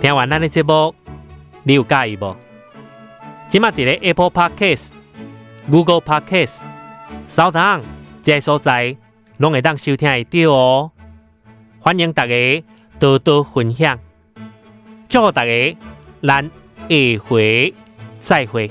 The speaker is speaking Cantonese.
聽完咱的節目，你有介意冇？即馬喺 Apple Podcast、Google Podcast、SoundOn，這所在，攏會當收聽得到哦。歡迎大家多多分享，祝大家，咱下回再會。